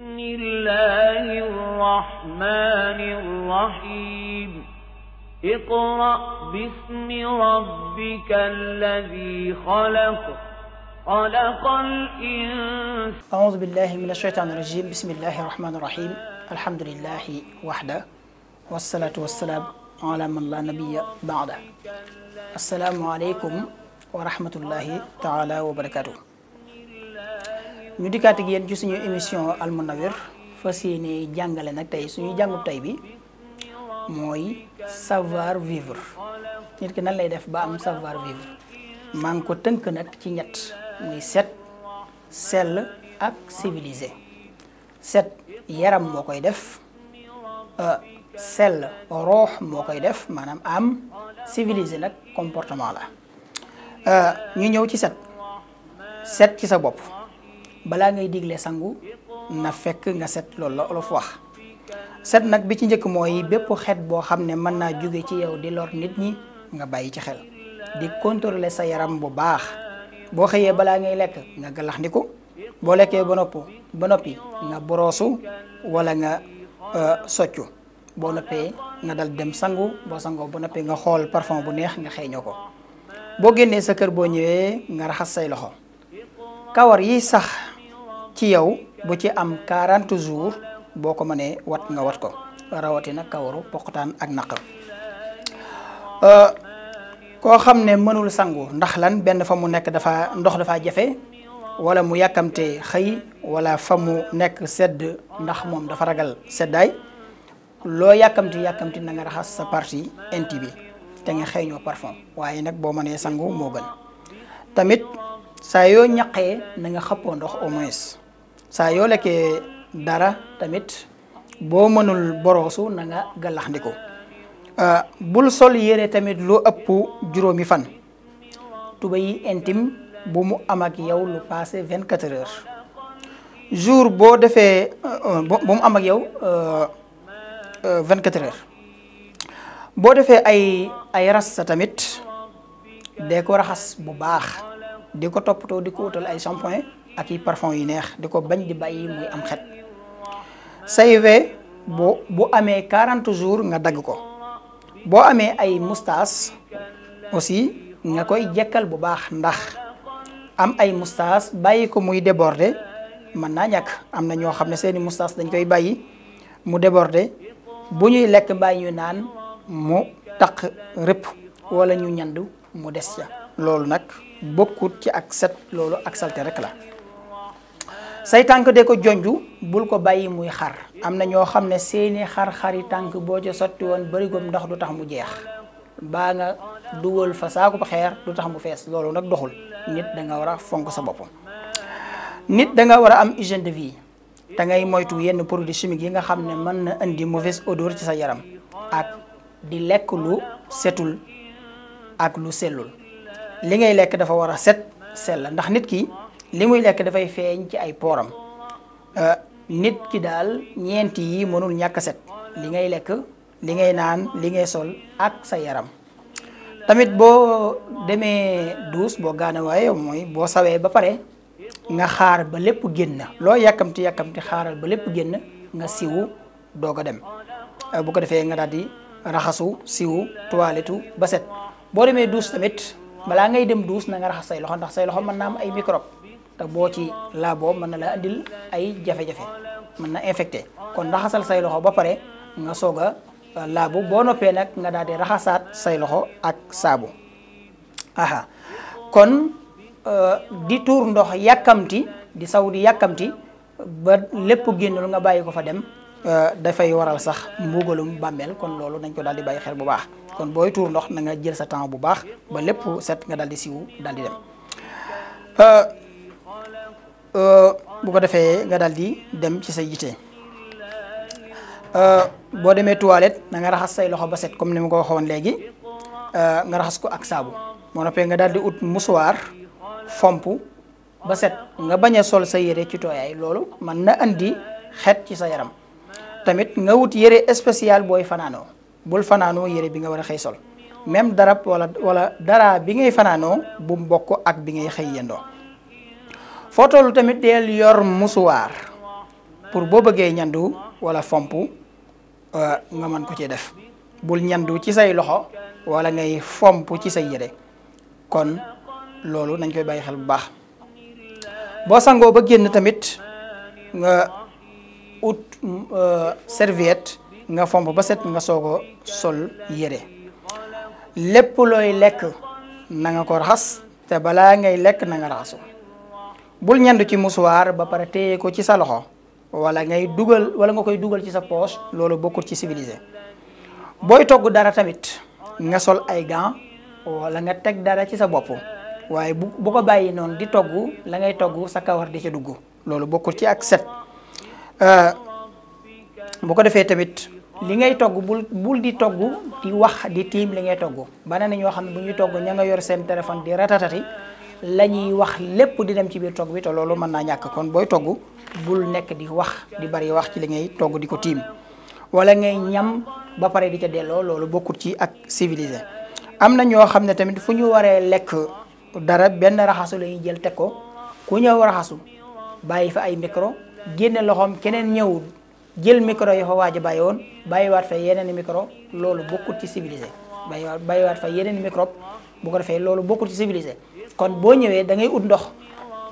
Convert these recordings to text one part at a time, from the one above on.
بسم الله الرحمن الرحيم اقرأ باسم ربك الذي خلق خلق الإنسان أعوذ بالله من الشيطان الرجيم بسم الله الرحمن الرحيم الحمد لله وحده والصلاة والسلام على من لا نبي بعده السلام عليكم ورحمة الله تعالى وبركاته ñu dikkaat ak yeen ci suñu émission Al munawir fasiyene jangale nak tay suñu jàngub tay bi moy savoir vivre nit ki nan lay def ba am savoir vivre mang ko teunk nak ci ñet muy set sel ak civilisé set yaram mo koy def euh, sel roh mo koy def manam am civilisé nak comportement la euh, ñu ñew ci set set ci sa bop balangi ngay diglé sangu na fekk nga set lool la olof wax set nak bi ci ñëk moy bëpp xet bo xamné mën naa ci yow di lor nit ñi nga bayyi ci xel di contrôler sa yaram bu baax bo xeyé bala ngay lek nga galaxndiku bo lekkee bo nopp bo nopi nga boroosu wala nga soccu bo noppee nga dal dem sangu bo sangu bo noppee nga xol parfum bu neex nga ko bo sa kër bo ñëwé nga raxas loxo kawar yi sax ci yow bu ci am 40 jours boo ko mënee wat nga wat ko rawatina kawaru poqataan ak naq euh, koo xam ne mënul sangu ndax lan benn fa mu nekk dafa ndox dafa jafe wala mu yàkkamtee xëy walla fa mu nekk sedd ndax moom dafa ragal seddaay loo yàkkamti yàkkamti na nga raxas sa partie intime bi te nga xëy ñoo parfum waaye nag boo mënee sangu moo gën tamit saa yoo ñaqee na nga xëppoo ndox au moins saa yoo lekkee dara tamit boo mënul boroosu na nga gàllaxndiku euh, bul sol yére tamit lu ëpp juróomi fan tubéy yi intime bu mu am ak yow lu passé vingt quatre heures jour boo defee euh, euh, bu mu am ak yow vingt quatre heures boo defee ay ay tamit dee ko raxas bu baax di ko toppatoo di ko ay shampoing ak yi parfum yu neex diko bañ di bayyi muy am xet CV bo bo bu 40 jours nga dag ko bo amé ay moustache aussi nga koy jekal bu baax ndax am ay moustache bayyi ko muy déborder man na ñak am na ño xamné seen mustas moustache dañ koy bayyi mu déborder bu ñuy lek bay ñu naan mu tak rep wala ñu ñandu mu dess ca lolu nak bokut ci ak set lolu ak salté rek la say tànk de ko jonju bul ko bayyi muy xar am na xamne seeni xar-xari bo boo soti won bari gum ndox du tax mu jeex ba nga duwol fa ko xeer du tax mu fess lolou nak doxul nit da nga wara fonk sa nit da nga wara am hygiene de vie da ngay moytu yenn produits chimiques yi nga xamne man na andi mauvaise odeur ci sa yaram ak di lek lu setul ak lu selul. li ngay lek dafa wara set sel ndax nit ki li muy lekk dafay feeñ ci ay pooram euh, nit ki daal ñeenti yi mënul ñàkk set li ngay lekk li ngay naan li ngay sol ak sa yaram tamit boo demee doos boo gaana waaye mooy boo sawee ba pare nga xaar ba lépp génn loo yàkkamti yàkkamti xaaral ba lépp génn nga siwu doog a dem euh, bu ko defee nga daal di raxasu siwu toiletu ba set boo demee duus tamit balaa ngay dem duus na nga raxas say loxo ndax say loxo mën naa am ay microbe ta bo ci laaboo man la andil ay jafe-jafe mana na infecté kon raxasal say loxo ba pare nga soga a euh, bo boo noppee nag nga daal raxasat say loxo ak sabu aha kon euh, di tour ndox yakamti di saudi yakamti ba lepp gennul nga bayiko ko fa dem euh, fay waral sax mbugalum bàmmeel kon lolu nañ ko daldi baye xel bu baax kon boy turun ndox na nga jël sa temps bu baax ba lepp set nga daldi siwu daldi dem dem Euh, bu ko defee nga daal di dem ci sa yite euh, boo demee toilette na nga raxas say loxo ba set comme ni ma ko waxoon léegi euh, nga raxas ko ak saabu moo noppee nga daal di ut musuwaar fomp ba set nga bañ a sol sa yére ci tooyaay loolu mën na indi xeet ci sa yaram tamit nga wut yére spécial booy fanaanoo bul fanaanoo yére bi nga war a xëy sol même dara wala wala daraa bi ngay fanaanoo bu mbokk ak bi ngay xëy yendoo foto lu tamit del yor musuar pour bo beugé ñandu wala euh nga man ko ci def bul ñandu ci say loxo wala ngay fompu ci say yere kon lolu nañ koy bayyi xel bu baax bo sango ba génn tamit nga ut euh, serviette nga fompu ba set nga soogo sol yere lepp loy lek na nga ko raxas te bala ngay lek na nga bul ñandu ci musuwaar ba pare téye ko ci sa loxo wala ngay dugal wala nga koy dugal ci sa poose loolu bokkul ci civilisé booy togg dara tamit nga sol ay gants wala nga teg dara ci sa bopp waaye bu bu ko bàyyi noonu di toggu la ngay togg sa kawar di ca dugg loolu bokkul ci ak set euh, bu ko defee tamit li ngay togg bul bul di togg di wax di tiim li ngay togg bana na ñoo xam ne bu ñuy togg ña nga yor seen téléphone di ratatati la ñuy wax lépp di dem ci biir togg bi te loolu mën naa ñàkk koon booy togg bul nekk di wax di bari wax ci li ngay togg di ko tiim wala ngay ñam ba pare di ca delloo loolu bokkut ci ak civilisé am na ñoo xam ne tamit fu ñu waree lekk dara benn raxasu la jël teg ko ku ñëw raxasu bàyyi fa ay micro génne loxoom keneen ñëw jël micro yi fa waaj a bàyyi bàyyiwaat fa yeneen micro loolu bokkut ci civilisé bàyyiwaat waat fa yeneen micro bu ko defee loolu bokkut ci civilisé kon boo ñëwee dangay ut ndox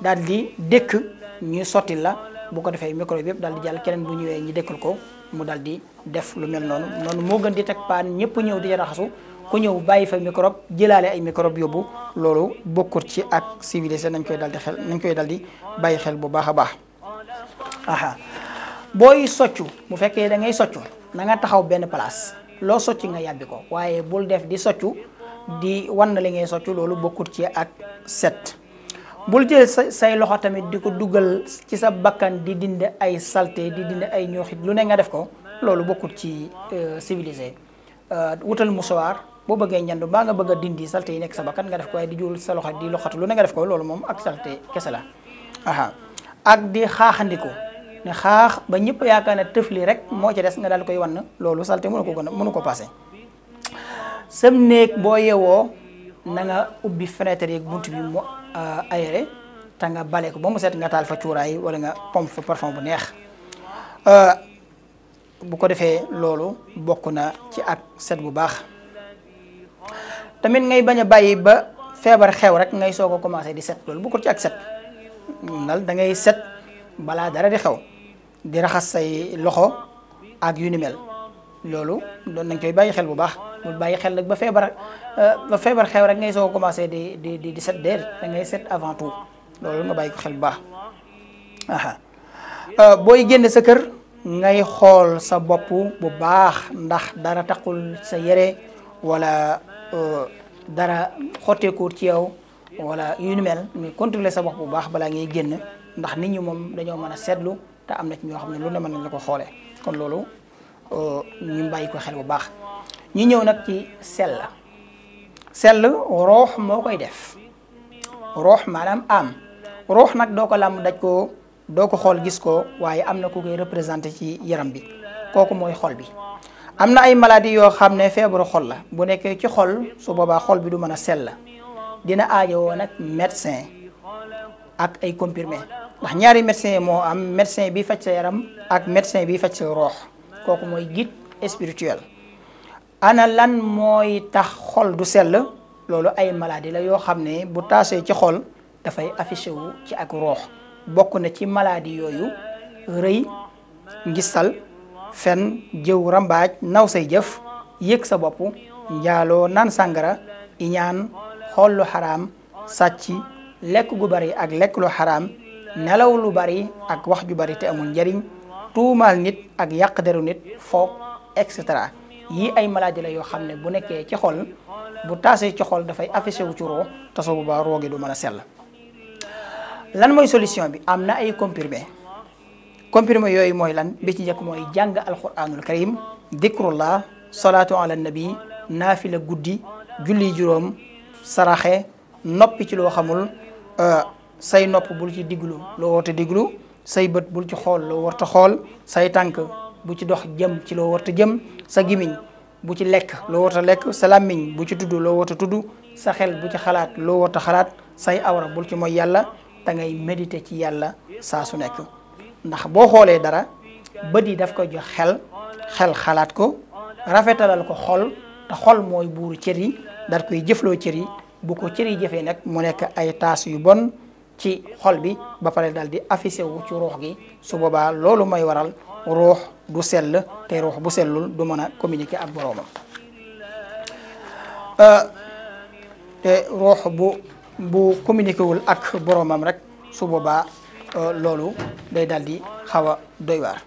daal di dëkk ñuy sotti la bu ko defee microbe yëpp daal di jàll keneen bu ñëwee ñi dëkkal ko mu daal di def lu mel noonu noonu moo gën di teg paan ñëpp ñëw di raxasu ku ñëw bàyyi fa microbe jëlaale ay microbe yóbbu loolu bokkut ci ak civilisé nañ koy daal di xel nañ koy daal di bàyyi xel bu baax a baax aha booy soccu bu fekkee da ngay soccu na nga taxaw benn place loo socc nga yàbbi ko waaye bul def di soccu di wan li ngay soccu loolu bokut ci ak set bul jël say loxo tamit di ko dugal ci sa bakkan di dinde ay salté di dinde ay ñooxit lu ne nga def ko loolu bokut ci euh, civilisé euh, wutal musuwaar baga bëggee ñandu ba nga bëgg dindi salté yi sa bakkan nga def ko ai di jul sa loxo di loxatu lu ne nga def ko loolu mom ak salté kese aha ak di xaaxandiku ne ba ne tëfli rek mo ci des nga daal koy wann loolu salté mënu ko gën mënu ko passé sam néeg bo yewo na nga ubbi fenêtre yeeg buntu bi mo euh, aéré ta nga balé ko bo mo set nga tal fa ciuray wala nga pompe fa parfum bu neex euh, bu ko defé lolu bokuna ci ak set bu baax tamit ngay baña a ba feebar xew rek ngay soko commencé di set bu ko ci ak set nal da ngay set bala dara di xew di raxas say loxo ak yu ni mel lolu don nañ koy bàyyi xel bu baax bul bàyyi xel nag ba feebar euh, ba feebar xew rek ngay soog a commencé di di di di set déer da ngay set avant tout loolu nga bay ko xel bu baax euh, booy génn sa kër ngay xool sa bopp bu baax ndax dara taqul sa yére wala euh, dara xotteeku ci yow wala yu ni mel mais contrôler sa bopp bu baax balaa ngay génn ndax nit ñi moom dañoo mën a seetlu te am na ci ñoo xam ne lu ne mën nañ la ko xoolee kon loolu Euh, ñu bàyyi ko xel bu baax ñu ñëw nag ci sell sell roox moo koy def roox maanaam am roox nag doo ko làmb daj ko doo ko xool gis ko waaye am na ku koy représenté ci yaram bi kooku mooy xool bi am na ay maladie yoo xam ne feebaru xool la bu nekkee ci xool su boobaa xool bi du mën a sell dina woon nag médecin ak ay comprimé ndax ñaari médecin moo am médecin bi faj sa yaram ak médecin bi faj sa roox kooku mooy guide spirituel ana lan mooy tax xol du sell loolu ay maladie la yoo xam ne bu taasee ci xol dafay affiché wu ci ak roox bokk na ci maladie yooyu rëy ngistal fen jëw rambaaj naw say jëf yëg sa bopp njaaloo naan sàngara iñaan xool lu xaraam sàcc lekk gu bari ak lekk lu xaraam nelaw lu bari ak wax ju bari te amul njariñ tuumaal nit ak yàq deru nit foo et cetera yii ay maladie la yoo xam ne bu nekkee ci xool bu taasee ci xool dafay affiché wu ci roo tasoo bu baax roogi du mën a sell lan mooy solution bi am na ay comprimé comprimé yooyu mooy lan bi ci njëkk mooy jàng alquranul karim dikrullah salaatu ala nabi naafila guddi julli juróom saraxe noppi ci loo xamul euh, say nopp bul ci diglu loo woote diglu say beut bul ci xol lo warta xol say tank bu ci dox jëm ci lo warta jëm sa gimiñ bu ci lek lo warta lek sa làmmiñ bu ci tuddu lo warta tuddu sa xel bu ci xalaat lo warta xalaat say awra bul ci moy yalla ta ngay méditer ci yalla sa su nek ndax bo xolé dara bët yi daf ko jox xel xel xalaat ko rafetalal ko xol ta xol moy buru cër dar koy jëflo cër bu ko jëfé nak mo nek ay tas yu bon ci xol bi ba pare daal di affiché wu ci ruux gi su boobaa loolu may waral ruux du sell te ruux bu sellul du mën a communiquer ak boroomam euh, ruux bu bu communiqué wul ak boroomam rek suboobaa euh, loolu day daal di xaw a doy waar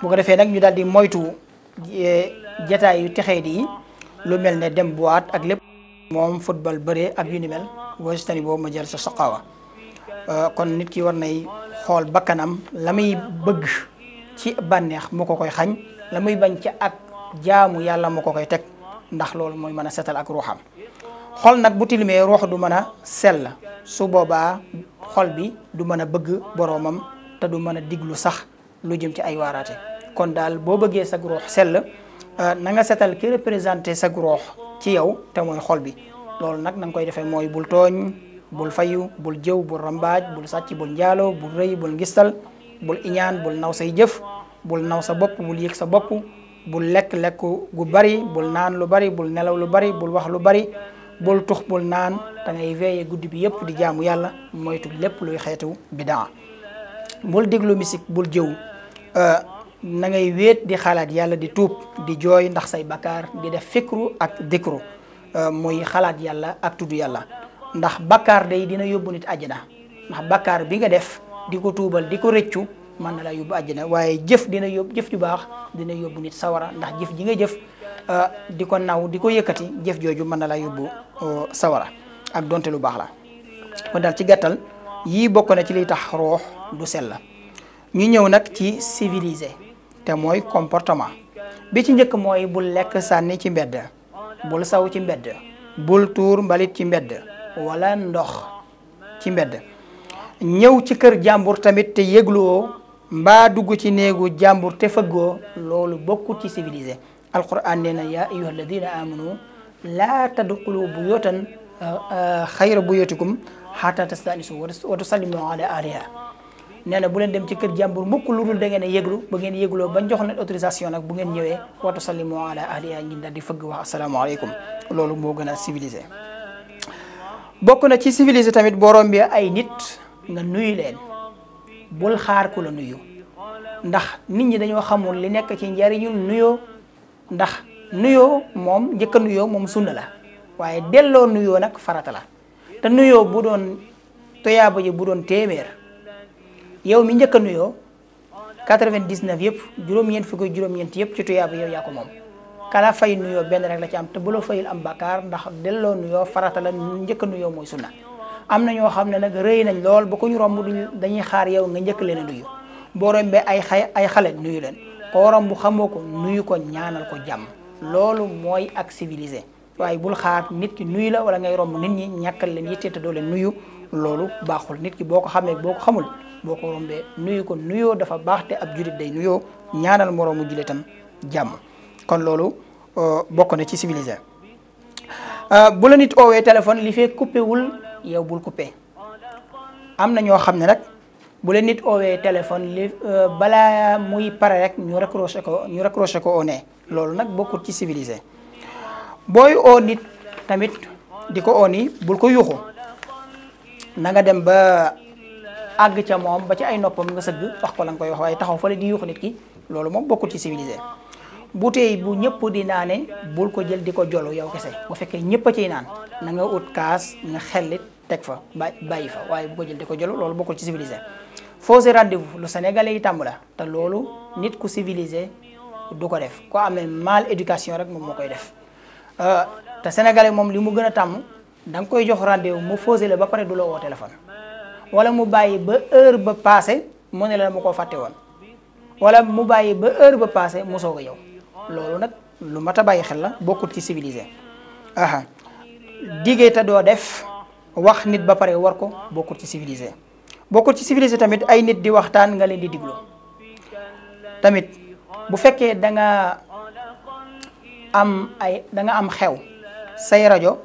bu ko defee nag ñu daal di moytu euh, jataay yu texee di lu mel ne dem boîte ak lépp moom football bëre ak yu ni mel wajtani boobu ma jël sa saqaawa Euh, kon nit ki war nay xool bakkanam la muy bëgg ci bànneex moo ko koy xañ la muy bañ ci ak jaamu yàlla moo ko koy teg ndax loolu mooy mën a setal ak ruuxam xol nag bu tilimee ruux du mën a sell su boobaa xool bi du mën a bëgg boroomam te du mën a diglu sax lu jëm ci ay waaraate kon daal boo bëggee sag ruux sell euh, na nga setal ki représenté sag ruux ci yow te mooy xool bi loolu nag na koy defee mooy bul tooñ bul fayu bul jëw bul rambaaj bul sàcc bul njaaloo bul rëy bul ngistal bul iñaan bul naw say jëf bul naw sa bopp bul yëg sa bopp bul lekk-lekk gu bari bul naan lu bari bul nelaw lu bari bul wax lu bari bul tux bul naan te ngay veeye guddi bi yëpp di jaamu yàlla moytu lépp luy xeetu bidaa bul déglu misik bul jëw euh, nangay ngay wéet di xalaat yàlla di tuub di jooy ndax say bakkaar di def fikru ak dikru euh, mooy xalaat yàlla ak tudd yàlla ndax bakkaar day dina yóbbu nit àjjana ndax bakkaar bi nga def di ko tuubal di ko rëccu mën na laa yóbbu àjjana waaye jëf dina yóbbu jëf ju baax dina yóbbu nit sawara ndax jëf ji nga jëf ah, di ko naw di ko yëkkati jëf jooju mën na laa yóbbu sawara ak donte lu baax la kon daal ci gàttal yii bokk na ci liy tax roox du sell ñu ñëw nag ci civilisé te mooy comportement bi ci njëkk mooy bul lekk sànni ci mbedd bul saw ci mbedd bul tuur mbalit ci mbedd wala ndox ci mbedd ñëw ci kër jàmbur tamit te yëgluwoo mbaa dugg ci néegu jàmbur te fëggoo loolu bokkut ci civilisé alquran nee na yaa ayuha alladina amanu laa tadxulu buyootan xayra buyootikum xaata tastanisu wa tusallimu ala ahliha nee na bu leen dem ci kër jàmbur mukk lu dul da ngeen a yëglu ba ngeen yëgloo ba jox leen autorisation nag bu ngeen ñëwee wa tusallimu ala ahliha ngeen daal di fëgg wax asalaamaaleykum loolu moo gën a civilisé bokk na ci civilisé tamit boo rombee ay nit nga nuyu leen bul xaar ku la nuyu ndax nit ñi dañoo xamoon li nekk ci njariñu nuyoo ndax nuyoo moom njëkk nuyoo moom sunna la waaye delloo nuyoo nag farata la te nuyoo bu doon toyaaba ji bu doon téeméer yow mi njëkk a nuyoo 99 yëpp juróom-ñeent fukki juróom-ñeent yëpp ci toyaaba yow yaa ko moom. kala fay nuyoo benn rek la ci am te bu la fayul am bakkaar ndax delloo nuyoo farata la njëkk a nuyoo mooy sunna am na ñoo xam ne nag rëy nañ lool ba ñu romb dañuy xaar yow nga njëkk leen nuyu boo rombee ay xay ay xale nuyu leen koo romb xamoo ko nuyu ko ñaanal ko jàmm loolu mooy ak civilisé waaye bul xaar nit ki nuyu la wala ngay romb nit ñi ñàkkal leen yitte te doo leen nuyu loolu baaxul nit ki boo ko xamee boo ko xamul boo ko rombee nuyu ko nuyoo dafa baax te ab julit day nuyoo ñaanal moroomu tam jàmm kon loolu euh, bokk na ci civilisé euh, bula nit owee téléphone li fee coupé yow bul coupé am na ñoo xam ne nag bu nit oowee téléphone li euh, bala muy pare rek ñu raccroché ko ñu raccroché ko au loolu nag bokkul ci civilisé booy oo nit tamit di ko oo bul ko yuuxu na nga dem ba àgg ca moom ba ci ay noppam nga sëgg wax ko la nga koy wax waaye taxaw fa la di yuuxu nit ki loolu moom bokkul ci civilisé. bouteille bu ñëpp di naane bul ko jël di ko jolu yow kese bu fekkee ñëpp a ciy naan na nga ut kaas nga xellit teg fa bàyyi fa waaye bu ko jël di ko jolu loolu boo ko civilisé fausse rendez-vous lu sénégalais yi tàmm la te loolu nit ku civilisé du ko def ko amee mal éducation rek moom moo koy def euh, te sénégalais moom li mu gën a tàmm da nga koy jox rendez mu fausse la ba pare du la woo téléphone wala mu bàyyi ba heure ba passé mu ne la ma ko fàtte woon wala mu bàyyi ba heure ba passé mu soog yow loolu nag lu mat a bàyyi xel la bokkut ci civilisé aha diggee doo def wax nit ba pare war ko bokkut ci civilisé bokkut ci civilisé tamit ay nit di waxtaan nga leen di diglu tamit bu fekkee danga am ay da am xew say rajo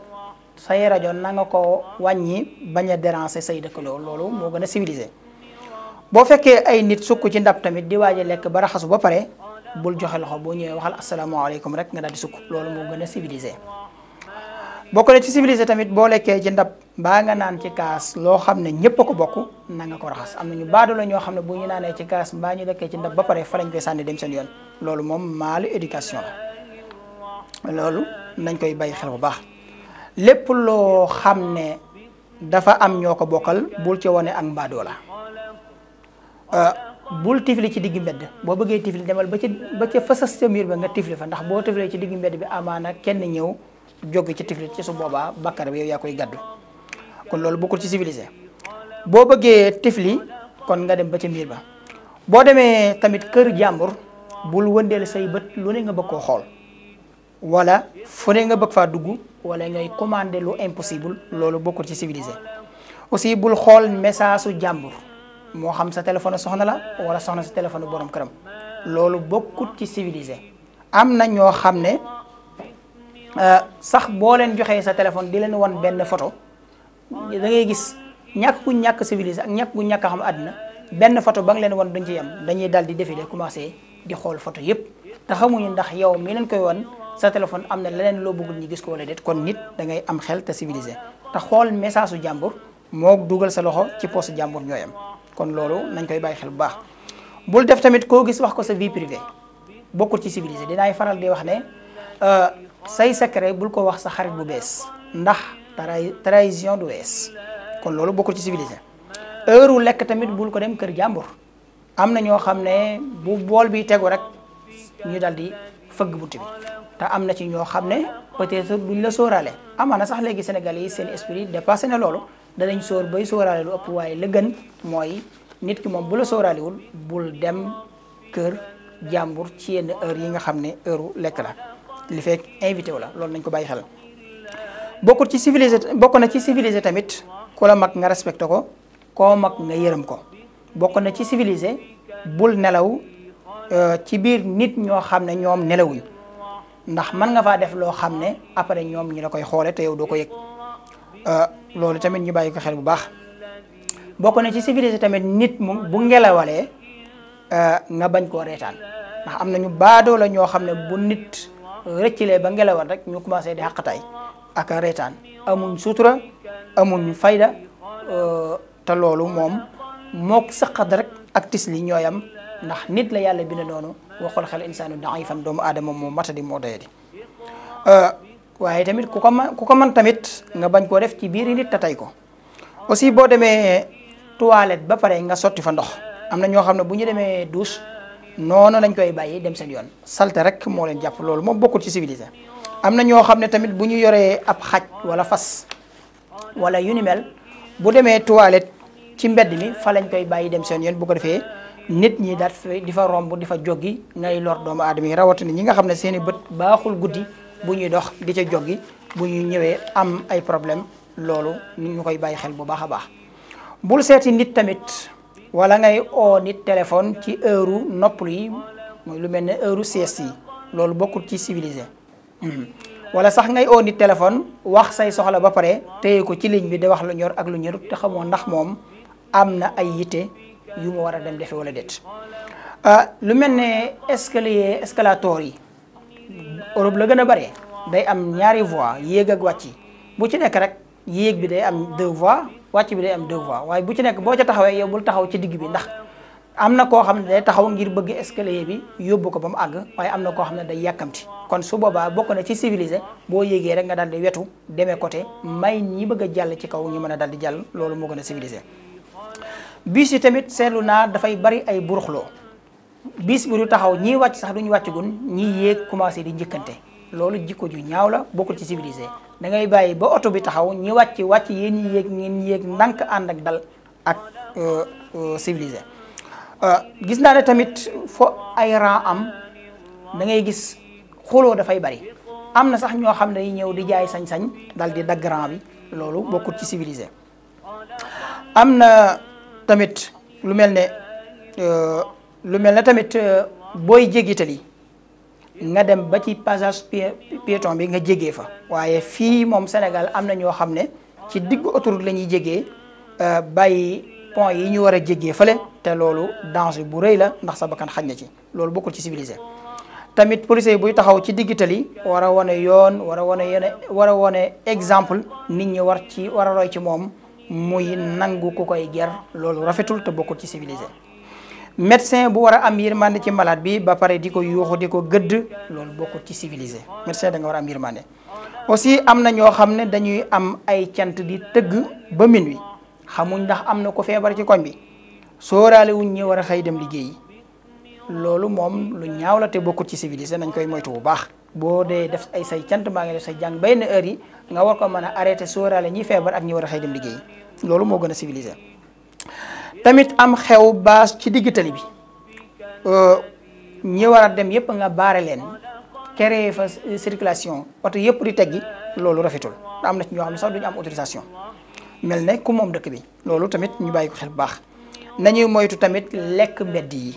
sa rajo na nga ko wàññi bañ a déranger say dëkkaloo loolu moo gën a civilisé boo fekkee ay nit sukk ci ndab tamit di waaj lekk ba raxasu ba pare bul joxe loxo bo ñewé waxal alaykum rek nga dal di sukk loolu mo gëna civilisé bokk na ci civilisé tamit bo lekkee ci ndab ba nga naan ci kaas lo xamné ne ko bokku na nga ko raxas amna ñu baadu la ñoo bu ñu naané ci kaas ba ñu ci ndab ba paré fa lañ koy dem seen yoon loolu mom mal éducation loolu nañ koy bay xel bu baax lepp lo xamné dafa am ñoko bokal bul ci woné ak mbaadoo euh, bul tifli ci digg mbedd boo bëggee tifli demal ba ci ba ca sa miir ba nga tifli fa ndax boo tiflee ci digg mbedd bi amaana kenn ñëw jóg ci tifli ci su boobaa bakkar bi yaa koy gàddu kon loolu bokkul ci civilisé boo bëggee tifli kon nga dem ba ca miir ba boo demee tamit kër jàmbur bul wëndeel say bët lu nga bëgg koo xool wala fu nga bëgg faa dugg wala ngay commandé lu impossible loolu bokkul ci civilisé aussi bul xool message su jàmbur mo xam sa téléphone soxna la wala soxna sa téléphone borom këram lolu bokku ci civilisé am na xamné euh ne sax bo len joxé sa téléphone di len won ben photo da ngay gis ñak ku ñak civilisé ak ñak gu ñak xam adina ben photo ba nga won wan duñ ci yam dañuy dal di défilé commencer di xol photo yépp te xamuñu ndax yow mi leen koy won sa téléphone am na leneen loo bëggul ñi gis ko wala déet kon nit da ngay am xel ta civilisé ta xol message su jàmbur moo dugal sa loxo ci poste jambour ñoyam kon loolu nañ koy bàyyi xel bu baax bul def tamit koo gis wax ko sa vie privée bokkul ci civilisé dinaay faral di wax ne euh, say secret bul ko wax sa xarit bu bees ndax trahison du wees kon loolu bokkul ci civilisé heure lekk tamit bul ko dem kër jàmbur am na ñoo xam ne bu bool bi tegu rek ñu dal di fëgg bunt bi te am na ci ñoo xam ne peut-être duñ la sóoraale amaana sax léegi Sénégal yi seen esprit dépassé na loolu danañ soor bay sóoraale lu ëpp waaye la mooy nit ki moom bu la sóoraalewul bul dem kër jàmbur ci yenn heure yi nga xam ne heure lekk la li fekk invité wu la loolu nañ ko bàyyi xel bokkut ci civilisé bokk na ci civilisé tamit ku la mag nga respecté ko ko mag nga yërëm ko bokk na ci civilisé bul nelaw euh, ci biir nit ñoo xam ne ñoom nelawuñ ndax mën nga faa def loo xam ne après ñoom ñi la koy xoole te yow doo ko yëg euh, loolu tamit ñu bàyyi ko xel bu baax bokk na ci civilisé tamit nit moom bu ngelawalee euh, nga bañ koo reetaan ndax am na ñu baadoo ñoo xam ne bu nit rëccilee ba ngelawal rek ñu commencé di xaqataay ak a reetaan amuñ sutura amuñ fayda euh, te loolu moom mook saqat rek ak tis li ñooyam ndax nit la yàlla bind noonu waxul xel insaanu daifan doomu aadama moo matadi moo doyadi euh, waaye tamit ku ko man ku ko man tamit nga bañ koo def ci biir nit te tey ko aussi boo demee toilette ba pare nga sotti fa ndox am na ñoo xam ne bu ñu demee douche noonu lañ koy bàyyi dem seen yoon salte rek moo leen jàpp loolu moom bokkul ci civilisé am na ñoo xam ne tamit bu ñu yoree ab xaj wala fas wala yu mel bu demee toilette ci mbedd mi fa lañ koy bàyyi dem seen yoon bu ko defee nit ñi daal di fa romb di fa joggi ngay lor doomu aadama yi rawatina ñi nga xam ne seen i bët baaxul guddi bu ñuy dox di ca joggi bu ñuy ñëwee am ay problème loolu ñu koy bàyyi xel bu baax a baax bul seeti nit tamit wala ngay oo nit téléphone ci heure u noppalu yi mooy lu mel ne heure u yi loolu bokkul ci civilisé hmm. wala sax ngay oo nit téléphone wax say soxla ba pare téye ko ci ligne bi da wax lu ñor ak lu ñorut te xamoo ndax moom am na ay yitte yu mu war a dem defee wala déet ah, lu mel ne escalier escalator yi Europe la gën a bare day am ñaari voie yéeg ak wàcc bu ci nekk rek yéeg bi day am deux voies wàcc bi day am deux waaye bu ci nekk boo ca taxawee yow bul taxaw ci digg bi ndax am na koo xam ne day taxaw ngir bëgg escalier bi yóbbu ko ba mu àgg waaye am na koo xam ne day yàkkamti kon su boobaa bokk na ci civilisé boo yéegee rek nga daal di wetu demee côté may ñi bëgg jàll ci kaw ñu mën a daal di jàll loolu moo gën a civilisé bus yi tamit seetlu naa dafay bari ay buruxloo bis bu du taxaw ñi wàcc sax duñu wàcc gun ñii yéeg commencé di njëkkante loolu jikko ju ñaaw la bokkul ci civilisé da ngay bàyyi ba oto bi taxaw ñi wàcc wàcc yéen ñi yéeg ngeen yéeg ndànk ànd ak dal ak euh, euh, civilisé euh, gis naa ne tamit fo ay am da gis xuloo dafay bari na sax ñoo xam ne ñëw di jaay sañ-sañ dal di dagg bi loolu bokkul ci civilisé am na tamit lu mel ne lu mel ne tamit euh, booy jéggi tali nga dem ba ci passage piéton bi nga jégee fa waaye fii moom Sénégal am na ñoo xam ne ci diggu autoroute la ñuy jégee euh, bàyyi pont yi ñu war a jégee fële te loolu danger bu rëy la ndax sa bakkan xaj na ci loolu bokkul ci civilisé tamit policier yi buy taxaw ci digg tali war a wane yoon war a wane yenn war a wane exemple nit ñi war ci war a roy ci moom muy nangu ku koy ger loolu rafetul te bokkul ci civilisé médecin bu war a am yërmande ci malaat bi ba pare di ko yuuxu di ko gëdd loolu bokkul ci civilisé médecin danga nga war a am aussi am na ñoo xam ne dañuy am ay cant di tëgg ba wi xamuñ ndax am na ko feebar ci koñ bi sóoraale wuñ ñi war a xëy dem liggéey loolu moom lu ñaaw la te bokkul ci civilisé koy moytu bu baax. boo dee def ay say cant maa ngi def say jàng benn heure yi nga war ko mën a arrêté sóoraale ñi feebar ak ñi war a xëy dem liggéeyi loolu moo gën a civilisé. tamit am xew baas ci digg tali bi ñi war a dem yëpp nga baare leen créer fa circulation oto yëpp di teggi loolu rafetul am na ci ñoo xam ne sax duñu am autorisation mel ne ku moom dëkk bi loolu tamit ñu bàyyi ko xel bu baax na ñuy moytu tamit lekk mbedd yi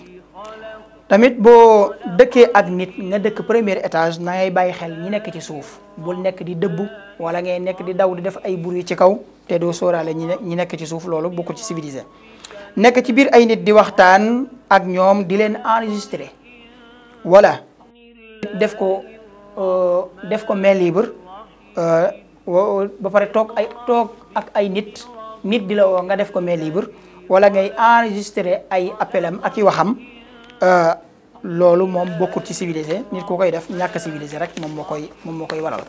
tamit boo dëkkee ak nit nga dëkk premier étage na ngay bàyyi xel ñi nekk ci suuf bul nekk di dëbb wala ngay nekk di daw di def ay bruit ci kaw te doo sóoraale ñi ñi nekk ci suuf loolu bokkul ci civilisé nek ci bir ay nit di waxtaan ak ñom di len enregistrer voilà def ko euh, def ko main libre euh, ba paré tok ay tok ak ay nit nit di la wo nga def ko main libre wala ngay enregistrer ay appelam ak i euh lolu mom bokku ci civilisé nit ko koy def ñak civilisé rek mom mokoy mom mokoy wala. waral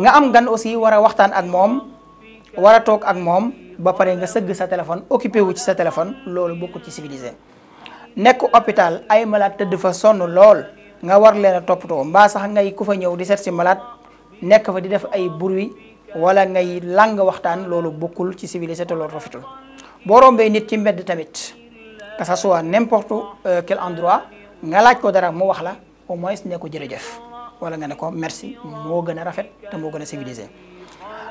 nga am gan aussi wara a waxtaan ak mom wara tok ak mom ba pare nga sëgg sa téléphone occupé wu ci sa téléphone loolu bokku ci civilisé nek hôpital ay malade tëdd fa sonu lool nga war leena a toppatoo sax ngay ku fa ñew di si malade nek fa di def ay bruit wala ngay lang waxtaan loolu bokul ci civilisé te loolu rafetul bo rombé nit ci mbéd tamit que ça soit n'importe euh, quel endroit nga laaj ko dara mu wax la au moins ne ko jërëjëf wala nga ne ko merci mo gëna rafet te mo gëna civilisé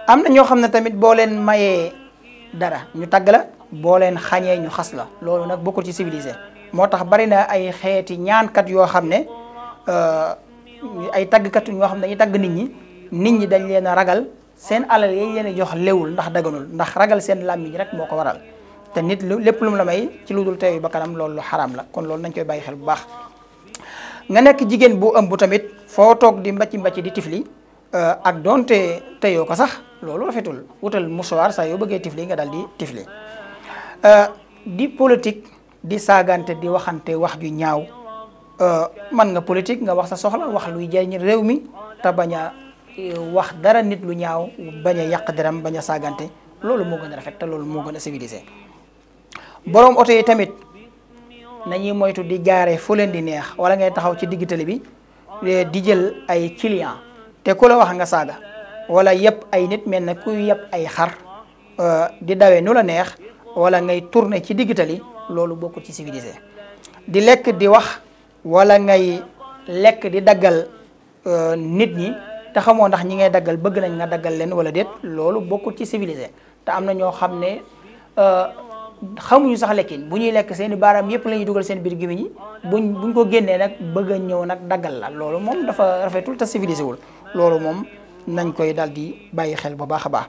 amna na xamne tamit bo len mayé dara ñu tagg la bo leen xagne ñu xass la lolu nak bokku ci civilisé motax bari na ay ñaan kat yo xamné euh ay tagg kat ñu xamné dañuy tagg nit ñi nit ñi dañ leena ragal seen alal yañ leen jox lewul ndax daganul ndax ragal seen làmmiñ rek moko waral té nit lepp lu mu la may ci luddul dul ba kanam la kon lolu nañ koy bayyi xel bu baax nga nek jigen bu ëmb tamit fo tok di mbacci mbacci di tifli euh, ak donté sax lolu rafetul wutal musuwaar sa yo beugé tifli nga daldi di euh di politique di saganté di waxanté wax ju ñaaw euh, man nga politique nga wax sa soxla wax luy jëriñ réew mi ta baña euh, wax dara nit lu ñaaw baña yaq yàq baña saganté lolu mo gëna rafet ta lolu mo gëna civiliser borom auto yi tamit nañuy moytu di jaaré fu leen di neex wala ngay taxaw ci digitali bi eh, di jël ay client te ko la wax nga saga wala yëpp ay nit mel na kuy yépp ay xar euh, di dawee nu la neex wala ngay tourner ci digitali loolu bokkul ci civilisé di lekk di wax wala ngay lekk di daggal euh, nit ñi te xamoo ndax ñi ngay daggal bëgg nañ nga daggal leen wala déet loolu bokkul ci civilisé te am na ñoo xam ne euh, xamuñu sax lekkin bu ñuy lekk seen i baaraam yëpp la dugal seen biir gémmiñ yi buñ buñ ko génnee nag bëgg ñëw nag daggal la loolu moom dafa rafetul te civilisé wul loolu moom. nañ koy dal di bàyyi xel bu baax baax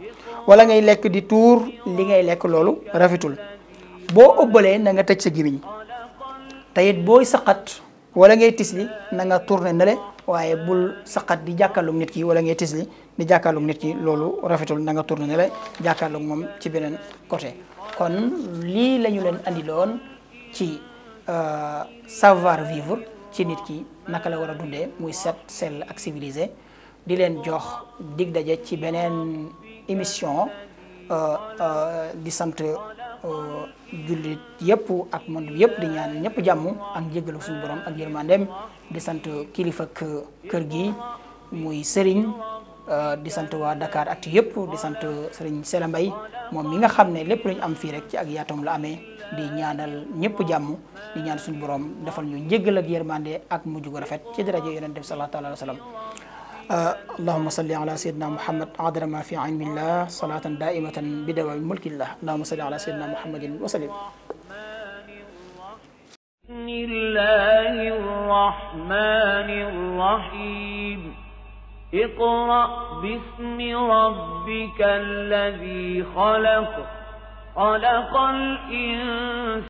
wala ngay lekk di tour, li ngay lekk loolu rafetul bo ëbbalee na nga tëj sa gimiñ tayit boy saqat wala ngay tisli na nga tourner nalé waye bul saqat di jakalum nit ki wala ngay tisli di jakalum nit ki loolu rafetul na nga tourner nalé le mom ci benen côté kon li lañu andi lon ci euh, savoir vivre ci nit ki naka la war muy set sel ak civiliser di len jox dig dajé ci benen émission euh, euh, di euh julit yépp ak monde yépp di ñaan ñépp jamm ak jéggelu suñu borom ak yermandem di sante kilifa kër gi muy sëriñ euh, di sante wa Dakar ak yépp di sante sëriñ selambay mom mi nga xamné lépp luñ am fi rek ci ak yatom la amé di ñaanal ñépp jamm di ñaan suñu borom defal ñu jéggel ak yermandé ak mujj gu rafet ci dara yaronte sallallahu alaihi wasallam آه، اللهم صل على سيدنا محمد عدد ما في علم الله صلاة دائمة بدوام ملك الله اللهم صل على سيدنا محمد وسلم بسم الله الرحمن الرحيم اقرأ باسم ربك الذي خلق خلق الإنسان